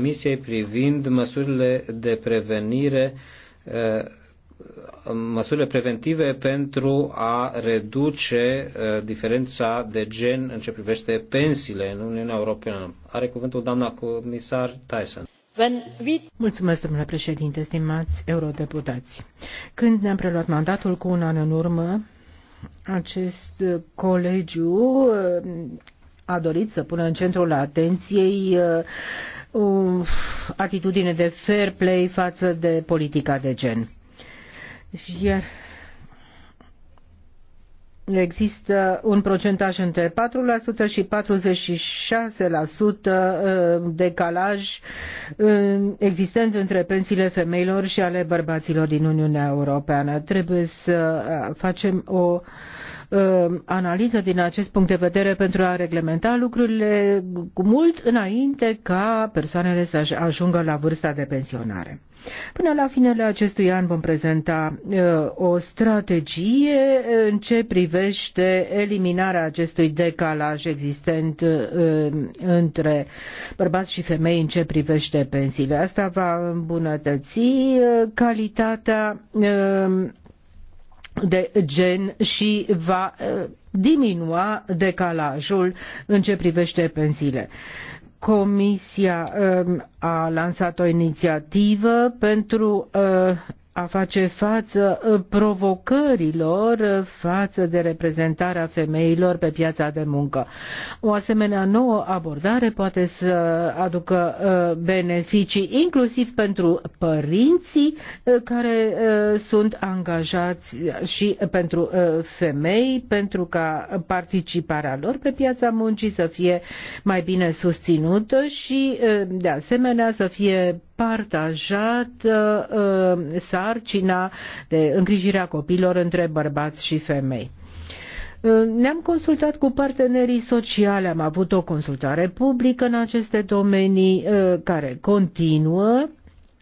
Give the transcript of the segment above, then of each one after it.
Comisiei privind măsurile de prevenire uh, măsurile preventive pentru a reduce uh, diferența de gen în ce privește pensiile în Uniunea Europeană. Are cuvântul doamna comisar Tyson. Mulțumesc, domnule președinte, stimați eurodeputați. Când ne-am preluat mandatul cu un an în urmă, acest colegiu a dorit să pună în centrul atenției uh, o atitudine de fair play față de politica de gen. Iar există un procentaj între 4% și 46% uh, decalaj uh, existent între pensiile femeilor și ale bărbaților din Uniunea Europeană. Trebuie să facem o uh, Um, analiză din acest punct de vedere pentru a reglementa lucrurile cu mult înainte ca persoanele să ajungă la vârsta de pensionare. Până la finele acestui an vom prezenta uh, o strategie în ce privește eliminarea acestui decalaj existent uh, între bărbați și femei în ce privește pensiile. Asta va îmbunătăți uh, calitatea de gen și va eh, diminua decalajul în ce privește pensiile. Comisia eh, a lansat o inițiativă pentru eh, a face față uh, provocărilor uh, față de reprezentarea femeilor pe piața de muncă. O asemenea nouă abordare poate să aducă uh, beneficii inclusiv pentru părinții care sunt angajați și pentru femei, pentru ca participarea lor pe piața muncii să fie mai bine susținută și de asemenea să fie partajată să sarcina de îngrijirea copilor între bărbați și femei. Ne-am consultat cu partenerii sociale, am avut o consultare publică în aceste domenii uh, care continuă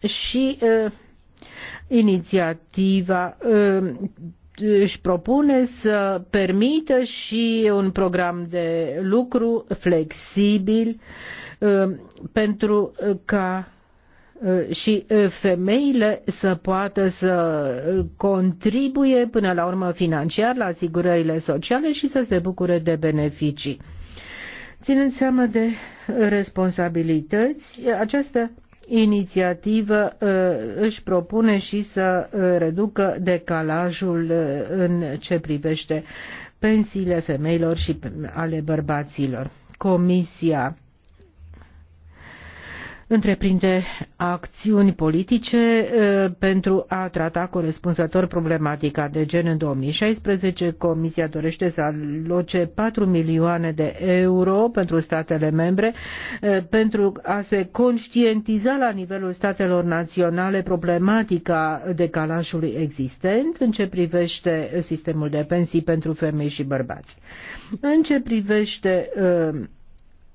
și uh, inițiativa uh, își propune să permită și un program de lucru flexibil pentru ca Uh, și uh, femeile să poată să uh, contribuie până la urmă financiar la asigurările sociale și să se bucure de beneficii. Ținând seama de responsabilități, această inițiativă își propune și să reducă decalajul în ce privește pensiile femeilor și ale bărbaților. Comisia întreprinde acțiuni politice pentru a trata corespunzător problematica de gen în 2016. Comisia dorește să aloce 4 milioane de euro pentru statele membre pentru a se conștientiza la nivelul statelor naționale problematica decalajului existent în ce privește sistemul de pensii pentru femei și bărbați. În ce privește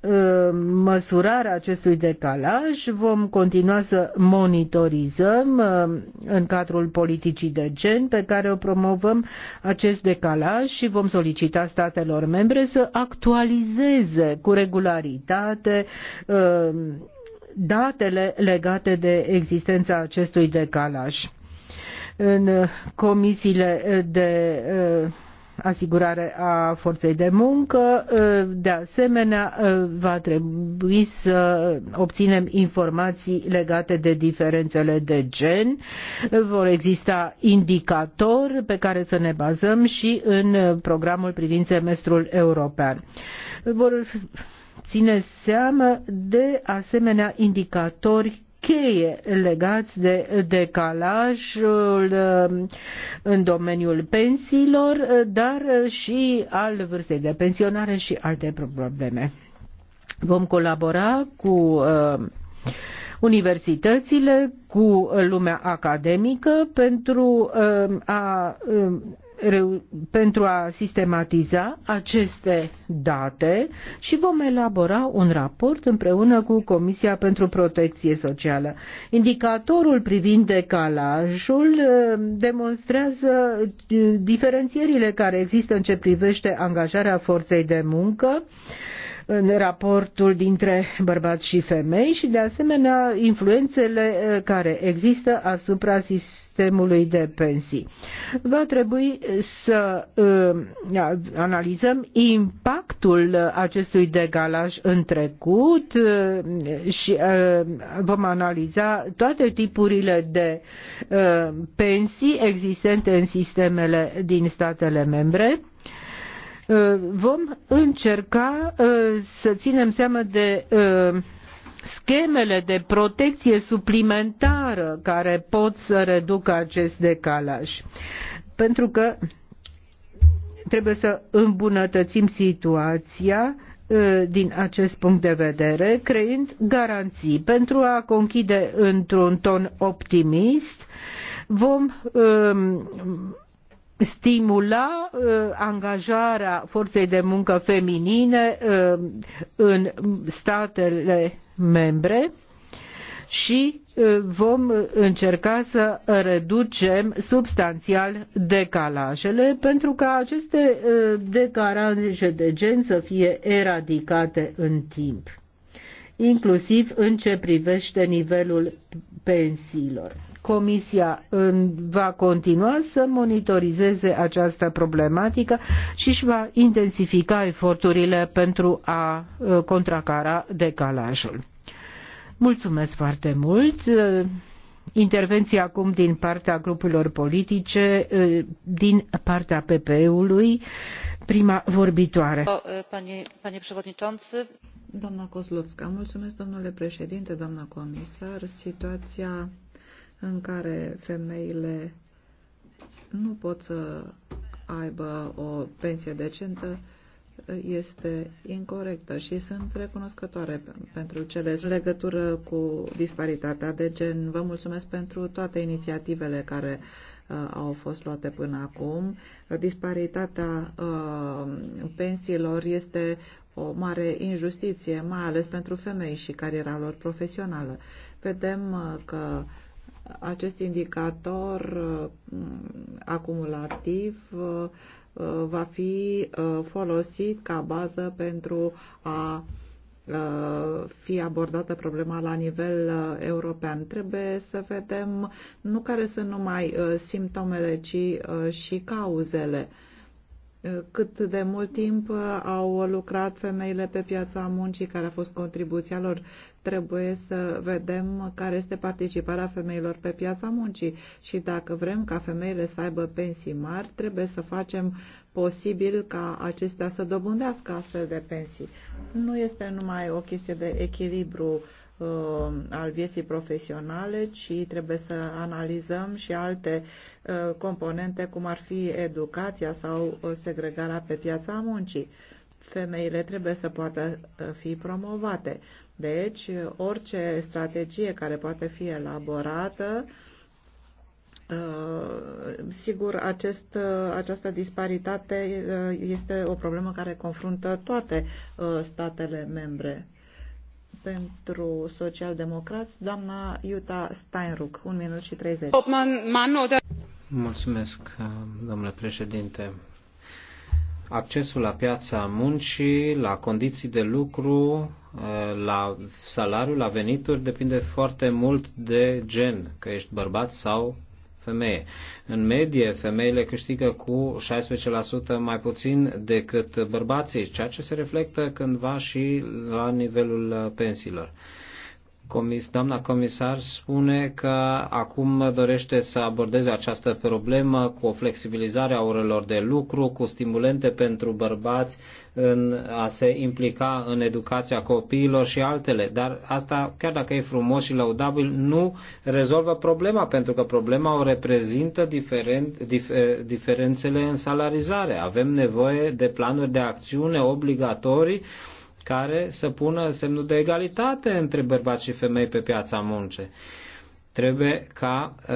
Uh, măsurarea acestui decalaj, vom continua să monitorizăm uh, în cadrul politicii de gen pe care o promovăm acest decalaj și vom solicita statelor membre să actualizeze cu regularitate uh, datele legate de existența acestui decalaj. În comisiile de asigurare a forței de muncă. De asemenea, va trebui să obținem informații legate de diferențele de gen. Vor exista indicatori pe care să ne bazăm și în programul privind semestrul european. Vor ține seama de asemenea indicatori cheie legați de decalajul um, în domeniul pensiilor, uh, dar uh, și al vârstei de pensionare și alte probleme. Vom colabora cu uh, universitățile, cu lumea academică pentru um, a um, pentru a sistematiza aceste date și vom elabora un raport împreună cu Comisia pentru Protecție Socială. Indicatorul privind decalajul uh, demonstrează uh, diferențierile care există în ce privește angajarea forței de muncă în raportul dintre bărbați și femei și, de asemenea, influențele uh, care există asupra sistemului de pensii. Va trebui să uh, analizăm impactul acestui degalaj în trecut uh, și vom analiza toate tipurile de pensii existente în sistemele din statele membre Eh, vom încerca eh, să ținem seama de eh, schemele de protecție suplimentară care pot să reducă acest decalaj. Pentru că trebuie să îmbunătățim situația din acest punct de vedere, creând garanții. Pentru a conchide într-un ton optimist, vom um, stimula uh, angajarea forței de muncă feminine uh, în statele membre și uh, vom încerca să reducem substanțial decalajele pentru ca aceste decalaje de gen să fie eradicate în timp inclusiv în ce privește nivelul pensiilor. Comisia va continua să monitorizeze această problematică și își va intensifica eforturile pentru a uh, contracara decalajul. Mulțumesc foarte mult! Uh, intervenții acum din partea grupurilor politice, din partea PPE-ului. Prima vorbitoare. Doamna Kozlovska, mulțumesc, domnule președinte, doamna comisar. Situația în care femeile nu pot să aibă o pensie decentă este incorrectă și sunt recunoscătoare pentru cele în legătură cu disparitatea de gen. Vă mulțumesc pentru toate inițiativele care uh, au fost luate până acum. Disparitatea uh, pensiilor este o mare injustiție, mai ales pentru femei și cariera lor profesională. Vedem uh, că acest indicator acumulativ uh, Uh, va fi uh, folosit ca bază pentru a uh, fi abordată problema la nivel european. Trebuie să vedem nu care sunt numai simptomele, ci și cauzele cât de mult timp uh, au lucrat femeile pe piața muncii, care a fost contribuția lor. Trebuie să vedem care este participarea femeilor pe piața muncii și dacă vrem ca femeile să aibă pensii mari, trebuie să facem posibil ca acestea să dobândească astfel de pensii. Nu este numai o chestie de echilibru uh, Uh, al vieții profesionale, ci trebuie să analizăm și alte uh, componente, cum ar fi educația sau uh, segregarea pe piața muncii. Femeile trebuie să poată fi promovate. Deci, orice strategie care poate fi elaborată, sigur, acest, această disparitate este o problemă care confruntă toate statele membre pentru socialdemocrați, doamna Iuta Steinruck, 1 minut și 30. Mulțumesc, domnule președinte. Accesul la piața muncii, la condiții de lucru, la salariu, la venituri, depinde foarte mult de gen, că ești bărbat sau femeie. În medie, femeile câștigă cu 16% mai puțin decât bărbații, ceea ce se reflectă cândva și la nivelul pensiilor comis, doamna comisar spune că acum dorește să abordeze această problemă cu o flexibilizare a orelor de lucru, cu stimulente pentru bărbați în a se implica în educația copiilor și altele. Dar asta, chiar dacă e frumos și laudabil, nu rezolvă problema, pentru că problema o reprezintă diferent, dif, eh, diferențele în salarizare. Avem nevoie de planuri de acțiune obligatorii care să pună semnul de egalitate între bărbați și femei pe piața muncii. Trebuie ca uh,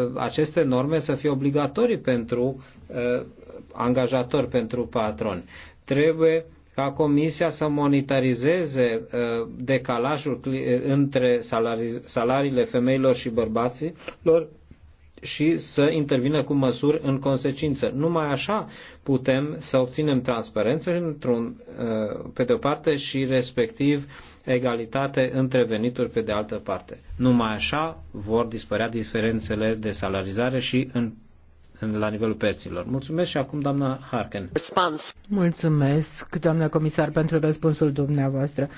uh, aceste norme să fie obligatorii pentru uh, angajatori, pentru patroni. Trebuie ca Comisia să monitorizeze decalajul între salariile femeilor și bărbaților și să intervină cu măsuri în consecință. Numai așa putem să obținem transparență într-un, uh, pe de o parte și respectiv egalitate între venituri pe de altă parte. Numai așa vor dispărea diferențele de salarizare și în la nivelul perților. Mulțumesc și acum doamna Harken. Mulțumesc, doamna comisar, pentru răspunsul dumneavoastră.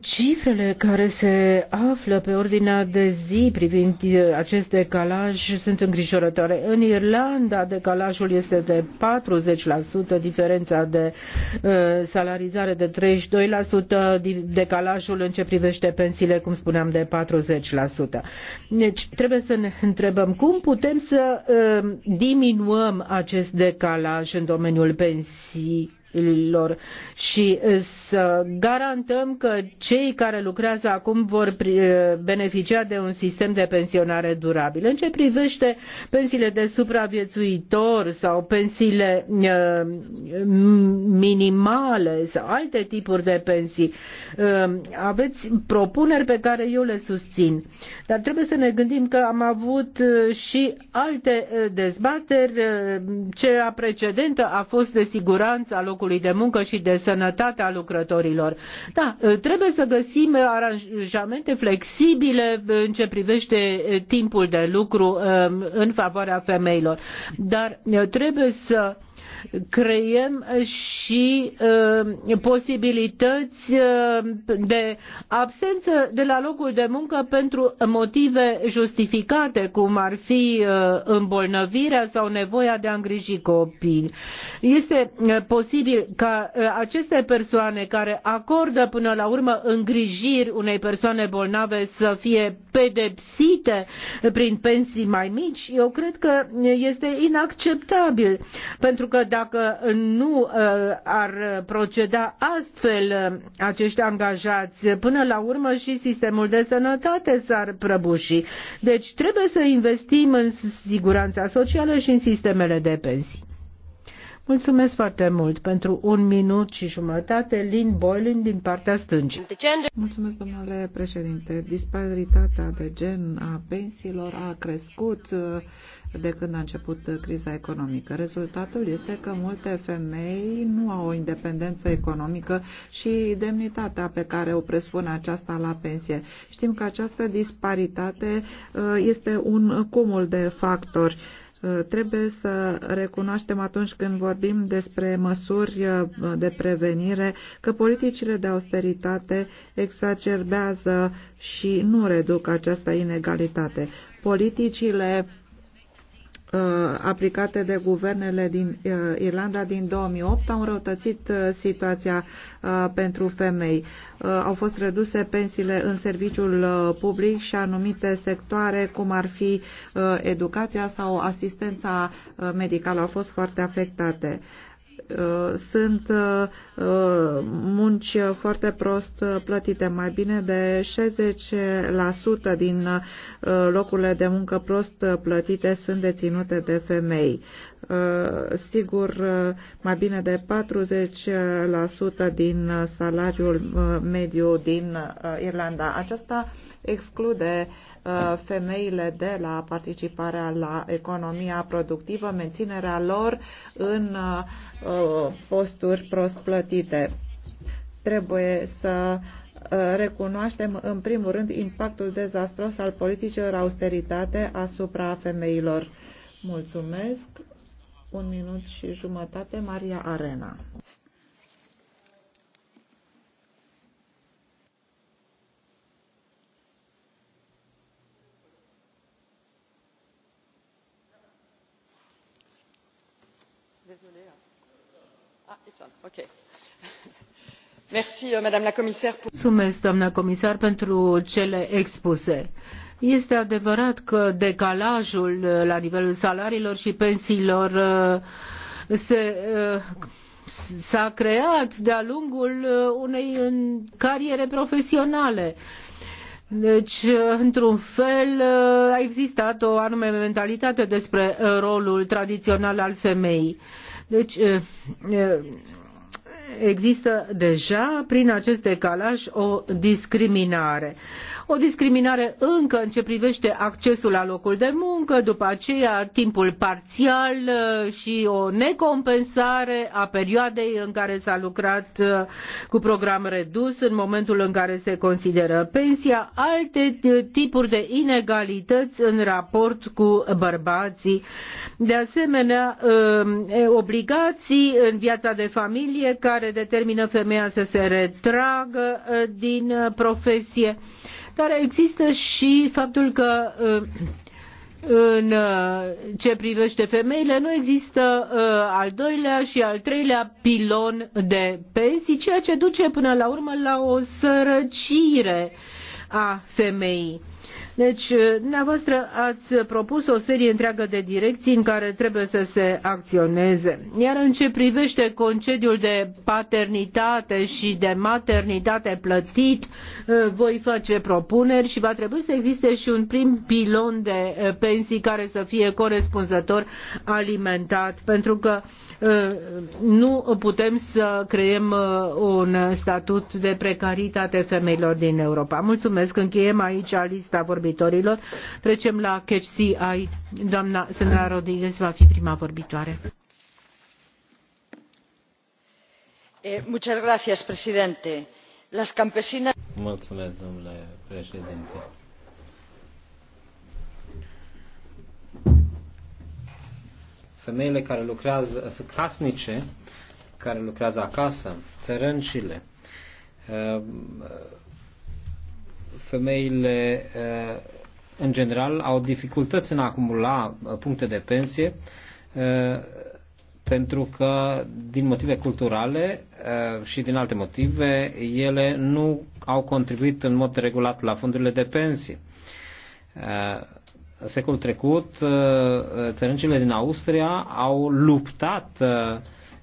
Cifrele care se află pe ordinea de zi privind uh, acest decalaj sunt îngrijorătoare. În Irlanda decalajul este de 40%, diferența de uh, salarizare de 32%, decalajul în ce privește pensiile, cum spuneam, de 40%. Deci trebuie să ne întrebăm cum putem să uh, diminuăm acest decalaj în domeniul pensii lor și să garantăm că cei care lucrează acum vor beneficia de un sistem de pensionare durabil. În ce privește pensiile de supraviețuitor sau pensiile minimale sau alte tipuri de pensii, aveți propuneri pe care eu le susțin. Dar trebuie să ne gândim că am avut și alte dezbateri. Cea precedentă a fost de siguranță a locului de muncă și de sănătatea lucrătorilor. Da, ă, trebuie să găsim aranjamente flexibile ă, în ce privește ă, timpul de lucru în favoarea femeilor, dar trebuie să creăm și uh, posibilități uh, de absență de la locul de muncă pentru motive justificate, cum ar fi uh, îmbolnăvirea sau nevoia de a îngriji copii. Este uh, posibil ca uh, aceste persoane care acordă până la urmă îngrijiri unei persoane bolnave să fie pedepsite prin pensii mai mici? Eu cred că este inacceptabil, pentru că dacă nu uh, ar proceda astfel uh, acești angajați, până la urmă și sistemul de sănătate s-ar prăbuși. Deci trebuie să investim în siguranța socială și în sistemele de pensii. Mulțumesc foarte mult pentru un minut și jumătate, Lynn Boylan din partea stângii. Mulțumesc, domnule președinte. Disparitatea de gen a pensiilor a crescut uh, de când a început criza economică. Rezultatul este că multe femei nu au o independență economică și demnitatea pe care o presupune aceasta la pensie. Știm că această disparitate uh, este un cumul de factori uh, trebuie să recunoaștem atunci când vorbim despre măsuri uh, de prevenire că politicile de austeritate exacerbează și nu reduc această inegalitate. Politicile Uh, aplicate de guvernele din uh, Irlanda din 2008 au înrăutățit uh, situația pentru femei. Au fost reduse pensiile în serviciul public și anumite sectoare, cum ar fi educația sau asistența medicală, au fost foarte afectate. Uh, sunt uh, munci foarte prost plătite. Mai bine de 60% din uh, locurile de muncă prost plătite sunt deținute de femei. Sigur, mai bine de 40% din salariul mediu din Irlanda. Aceasta exclude Uh, femeile de la participarea la economia productivă, menținerea lor în uh, uh, posturi prost plătite. Trebuie să recunoaștem în primul rând impactul dezastros al politicilor austeritate asupra femeilor. Mulțumesc. Un minut și jumătate, Maria Arena. Ah, euh, Mulțumesc, doamnă comisar, pentru cele expuse. Este adevărat că decalajul uh, la nivelul salariilor și pensiilor uh, uh, s-a creat de-a lungul unei cariere profesionale. Deci, uh, într-un fel, uh, a existat o anume mentalitate despre uh, rolul tradițional al femeii. Deci, există deja prin acest decalaj o discriminare. O discriminare încă în ce privește accesul la locul de muncă, după aceea timpul parțial uh, și o necompensare a perioadei în care s-a lucrat uh, cu program redus în momentul în care se consideră pensia, alte uh, tipuri de inegalități în raport cu bărbații. De asemenea, obligații în viața de familie care care determină femeia să se retragă uh, din uh, profesie, dar există și faptul că uh, în ce privește femeile, nu există al doilea și al treilea pilon de pensii, ceea ce duce până la urmă la o sărăcire a femeii. Deci, eh, dumneavoastră ați propus o serie întreagă de direcții în care trebuie să se acționeze. Iar în ce privește concediul de paternitate și de maternitate plătit, eh, voi face propuneri și va trebui să existe și un prim pilon de eh, pensii care să fie corespunzător alimentat, pentru că nu putem să creăm uh, un statut de precaritate femeilor din Europa. Mulțumesc, încheiem aici lista vorbitorilor. Trecem la Catch CI. Doamna Sandra Rodriguez va fi prima vorbitoare. Eh, Mulțumesc, domnule președinte femeile care lucrează, sunt casnice, care lucrează acasă, țărâncile, uh, femeile uh, în general au dificultăți în a acumula uh, puncte de pensie pentru că din motive culturale și din alte motive ele nu au contribuit în mod regulat la fondurile de pensie secolul trecut, uh, țărâncile din Austria au luptat uh,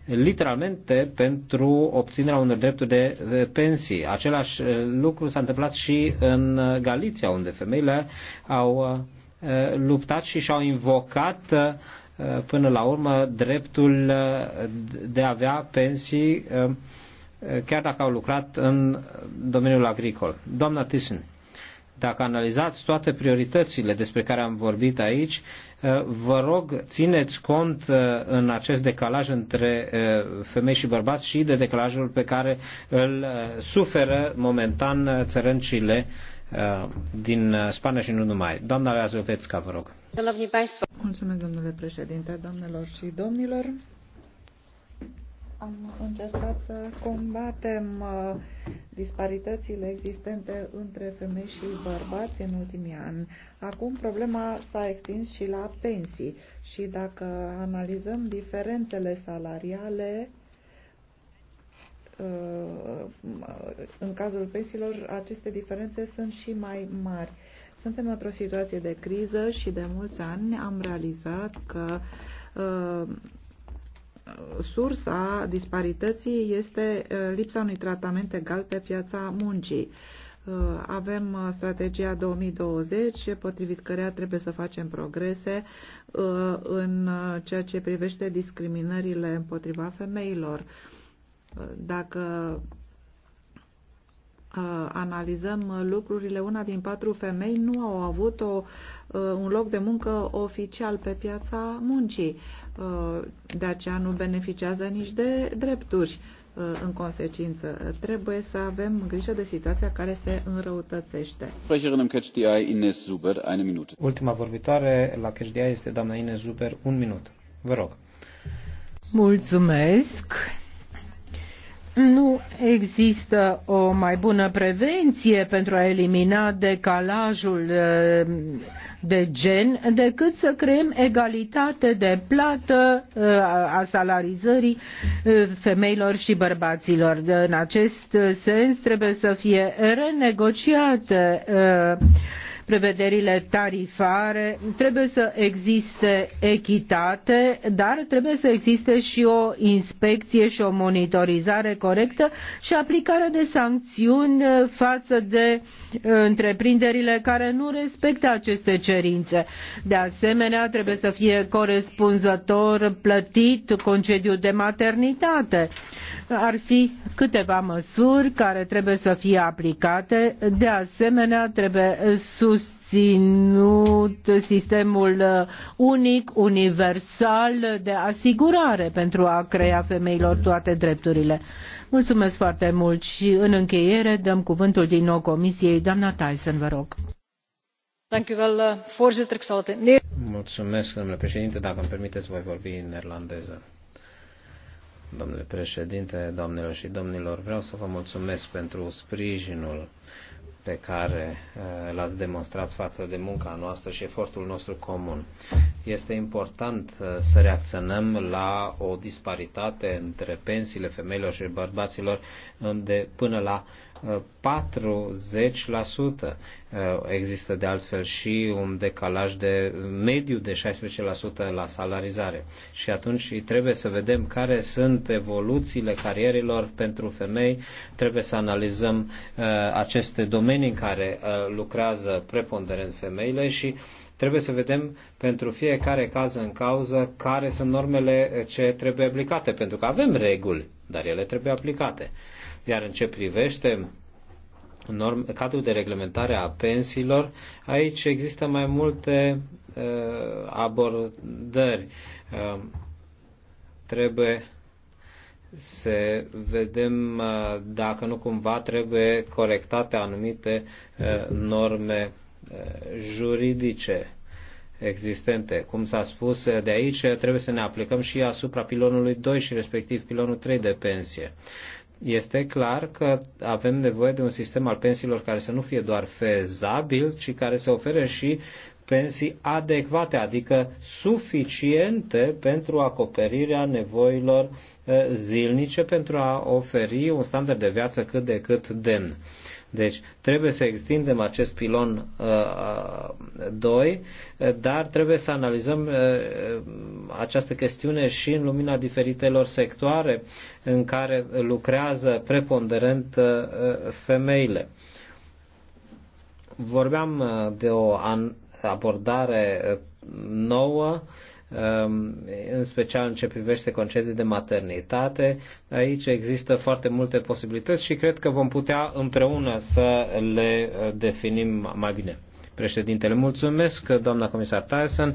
literalmente pentru obținerea unor drepturi de pensii. Același uh, lucru s-a întâmplat și în Galiția, unde femeile au luptat și și-au invocat până la urmă dreptul de a avea pensii chiar dacă au lucrat în domeniul agricol. Doamna Thyssen. Dacă analizați toate prioritățile despre care am vorbit aici, eh, vă rog, țineți cont eh, în acest decalaj între eh, femei și bărbați și de decalajul pe care îl suferă momentan țărâncile din Spania și nu numai. Doamna Reazovețca, vă rog. Mulțumesc, domnule președinte, doamnelor și domnilor. Am încercat să combatem uh, disparitățile existente între femei și bărbați în ultimii ani. Acum problema s-a extins și la pensii și dacă analizăm diferențele salariale, uh, în cazul pensiilor, aceste diferențe sunt și mai mari. Suntem într-o situație de criză și de mulți ani am realizat că uh, sursa disparității este uh, lipsa unui tratament egal pe piața muncii. Uh, avem uh, strategia 2020, potrivit căreia trebuie să facem progrese în ceea ce privește discriminările împotriva femeilor. Dacă analizăm lucrurile, una din patru femei nu au avut o, un loc de muncă oficial pe piața muncii. Uh, de aceea nu beneficiază nici de drepturi uh, în consecință. Trebuie să avem grijă de situația care se înrăutățește. Ultima vorbitoare la Catch este doamna Ines Zuber, un minut. Vă rog. Mulțumesc. Nu există o mai bună prevenție pentru a elimina decalajul uh, de gen decât să creăm egalitate de plată uh, a salarizării uh, femeilor și bărbaților. În acest sens trebuie să fie renegociate uh, prevederile tarifare, trebuie să existe echitate, dar trebuie să existe și o inspecție și o monitorizare corectă și aplicarea de sancțiuni uh, față de uh, întreprinderile care nu respectă aceste cerințe. De asemenea, trebuie să fie corespunzător plătit concediul de maternitate ar fi câteva măsuri care trebuie să fie aplicate. De asemenea, trebuie susținut sistemul unic, universal de asigurare pentru a crea femeilor toate drepturile. Mulțumesc foarte mult și în încheiere dăm cuvântul din nou Comisiei. Doamna Tyson, vă rog. Eh, Mulțumesc, domnule președinte. Dacă îmi permiteți, voi vorbi în neerlandeză. Domnule președinte, doamnelor și domnilor, vreau să vă mulțumesc pentru sprijinul pe care eh, l-ați demonstrat față de munca noastră și efortul nostru comun. Este important eh, să reacționăm la o disparitate între pensiile femeilor și bărbaților de până la 40%. Eh, există de altfel și un decalaj de mediu de 16% la salarizare. Și atunci trebuie să vedem care sunt evoluțiile carierilor pentru femei, trebuie să analizăm aceste domenii domenii în care uh, lucrează preponderent femeile și trebuie să vedem pentru fiecare caz în cauză care sunt normele ce trebuie aplicate, pentru că avem reguli, dar ele trebuie aplicate. Iar în ce privește norm, cadrul de reglementare a pensiilor, aici există mai multe uh, abordări. Uh, trebuie să vedem uh, dacă nu cumva trebuie corectate anumite uh, norme uh, juridice existente. Cum s-a spus de aici, trebuie să ne aplicăm și asupra pilonului 2 și respectiv pilonul 3 de pensie. Este clar că avem nevoie de un sistem al pensiilor care să nu fie doar fezabil, ci care să ofere și pensii adecvate, adică suficiente pentru acoperirea nevoilor eh, zilnice, pentru a oferi un standard de viață cât de cât demn. Deci trebuie să extindem acest pilon 2, uh, eh, eh, dar trebuie să analizăm uh, această chestiune și în lumina diferitelor sectoare în care lucrează preponderent uh, femeile. Vorbeam de o an- abordare eh, nouă, ehm, în special în ce privește concedii de maternitate. Aici există foarte multe posibilități și cred că vom putea împreună să le eh, definim mai bine. Președintele, mulțumesc, doamna comisar Tyson.